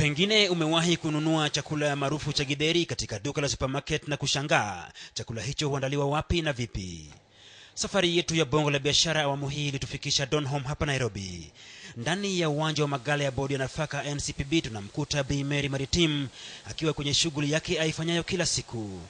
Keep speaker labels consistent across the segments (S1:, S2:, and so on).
S1: Pengine umewahi kununua chakula maarufu cha gidheri katika duka la supermarket na kushangaa chakula hicho huandaliwa wapi na vipi. Safari yetu ya Bongo la Biashara awamu hii ilitufikisha Donholm hapa Nairobi. Ndani ya uwanja wa magala ya bodi ya nafaka NCPB tunamkuta Bi Mary Maritim akiwa kwenye shughuli yake aifanyayo kila siku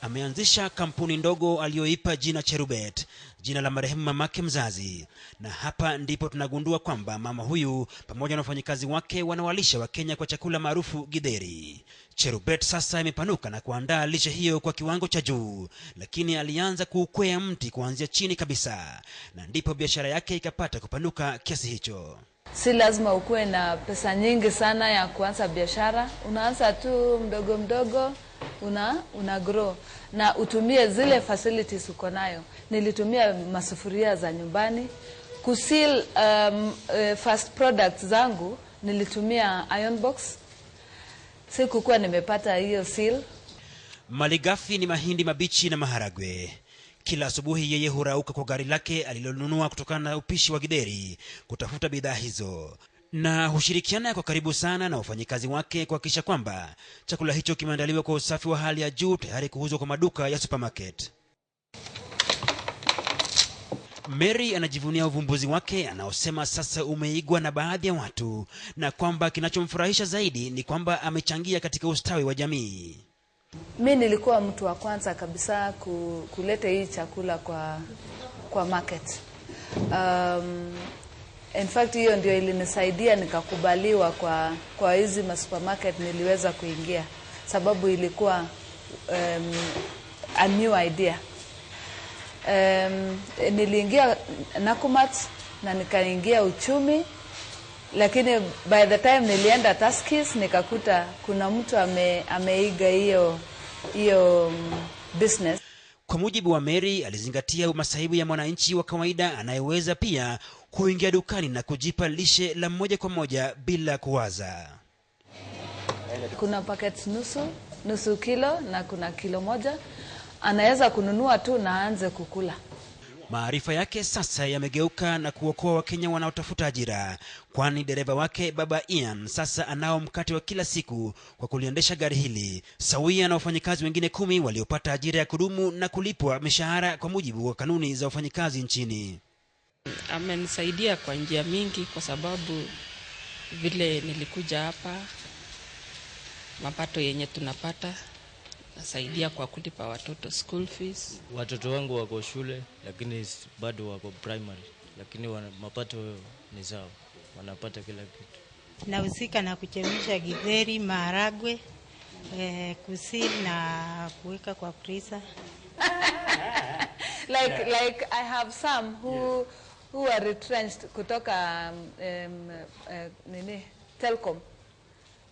S1: ameanzisha kampuni ndogo aliyoipa jina Cherubet, jina la marehemu mamake mzazi. Na hapa ndipo tunagundua kwamba mama huyu pamoja na wafanyikazi wake wanawalisha Wakenya kwa chakula maarufu gidheri Cherubet sasa imepanuka na kuandaa lishe hiyo kwa kiwango cha juu, lakini alianza kuukwea mti kuanzia chini kabisa, na ndipo biashara yake ikapata kupanuka kiasi hicho.
S2: Si lazima ukuwe na pesa nyingi sana ya kuanza biashara, unaanza tu mdogo mdogo una, una grow na utumie zile facilities uko nayo. Nilitumia masufuria za nyumbani kuseal um, uh, eh, fast products zangu nilitumia iron box, sikukuwa nimepata hiyo seal.
S1: Malighafi ni mahindi mabichi na maharagwe. Kila asubuhi yeye hurauka kwa gari lake alilonunua kutokana na upishi wa Gideri kutafuta bidhaa hizo na hushirikiana kwa karibu sana na wafanyikazi wake kuhakikisha kwamba chakula hicho kimeandaliwa kwa usafi wa hali ya juu tayari kuuzwa kwa maduka ya supermarket. Mary anajivunia uvumbuzi wake anaosema sasa umeigwa na baadhi ya watu na kwamba kinachomfurahisha zaidi ni kwamba amechangia katika ustawi wa jamii.
S3: Mi nilikuwa mtu wa kwanza kabisa kuleta hii chakula kwa, kwa market. Um, In fact hiyo ndio ilinisaidia nikakubaliwa kwa kwa hizi supermarket niliweza kuingia, sababu ilikuwa um, a new idea. Um, niliingia Nakumat na nikaingia uchumi, lakini by the time nilienda Taskis nikakuta kuna mtu ame, ameiga hiyo hiyo um, business.
S1: Kwa mujibu wa Mary, alizingatia masaibu ya mwananchi wa kawaida anayeweza pia kuingia dukani na kujipa lishe la moja kwa moja bila kuwaza.
S3: Kuna packets nusu nusu kilo na kuna kilo moja, anaweza kununua tu na aanze kukula.
S1: Maarifa yake sasa yamegeuka na kuokoa Wakenya wanaotafuta ajira, kwani dereva wake Baba Ian sasa anao mkate wa kila siku kwa kuliendesha gari hili, sawia na wafanyikazi wengine kumi waliopata ajira ya kudumu na kulipwa mishahara kwa mujibu wa kanuni za wafanyikazi nchini.
S3: Amenisaidia kwa njia mingi kwa sababu vile nilikuja hapa, mapato yenye tunapata nasaidia kwa kulipa watoto school fees.
S4: Watoto wangu wako shule lakini bado wako primary, lakini mapato ni sawa, wanapata kila kitu.
S5: Nahusika na kuchemsha githeri, maharagwe, eh, kusili na kuweka kwa prisa
S2: like like I have some who yeah who were retrenched kutoka um, uh, nini Telcom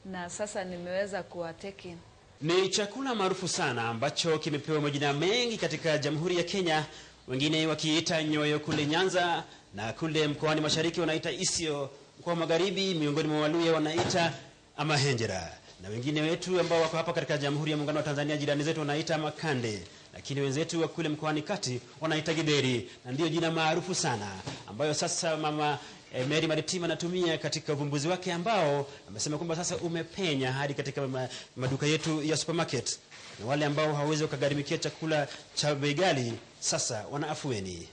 S2: na sasa nimeweza kuwateki.
S1: Ni chakula maarufu sana ambacho kimepewa majina mengi katika Jamhuri ya Kenya, wengine wakiita nyoyo kule Nyanza na kule mkoani Mashariki wanaita isio, mkoa Magharibi miongoni mwa Waluya wanaita amahenjera, na wengine wetu ambao wako hapa katika Jamhuri ya Muungano wa Tanzania jirani zetu wanaita makande lakini wenzetu wa kule mkoani kati wanahitaji deri, na ndiyo jina maarufu sana ambayo sasa mama e, Mary Maritima anatumia katika uvumbuzi wake ambao amesema kwamba sasa umepenya hadi katika maduka yetu ya supermarket, na wale ambao hawawezi wakagharimikia chakula cha beigali sasa wana afueni.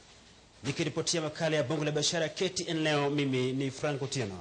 S1: Nikiripotia makala ya Bongo la Biashara KTN leo, mimi ni franco tino